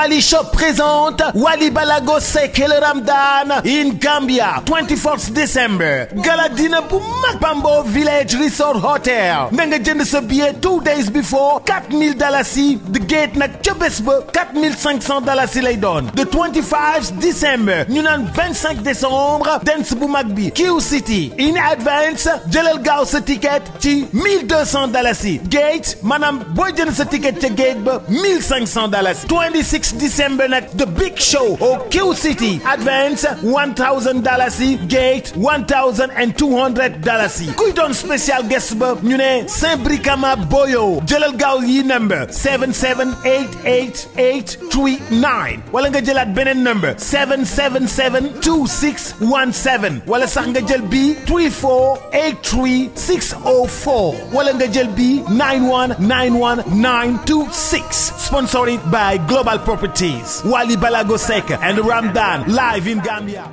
Wally Shop présente Wally Balago Ramdan in Gambia 24th December Galadina Village Resort Hotel na jënd billet two days before 4000 dalasi the gate n'a 4500 dalasi lay the 25th December 25 décembre dance bu Q City in advance le gaaw ce ticket ci 1200 dalasi gate manam, boy jënd ce ticket ca gate 1500 dalasi 26 December night, the big show au Q City advance one thousand dollars gate one thousand and two hundred dollars yi kuy spécial guest ba ñu ne Saint-Bricama Boyo jëlal gaaw yi number 7788839 wala nga jëlaat number 7772617 wala sax nga b 3483604 wala nga jël 9191926 sponsored by Global Property Properties, Wali Balagosek, and Ramdan live in Gambia.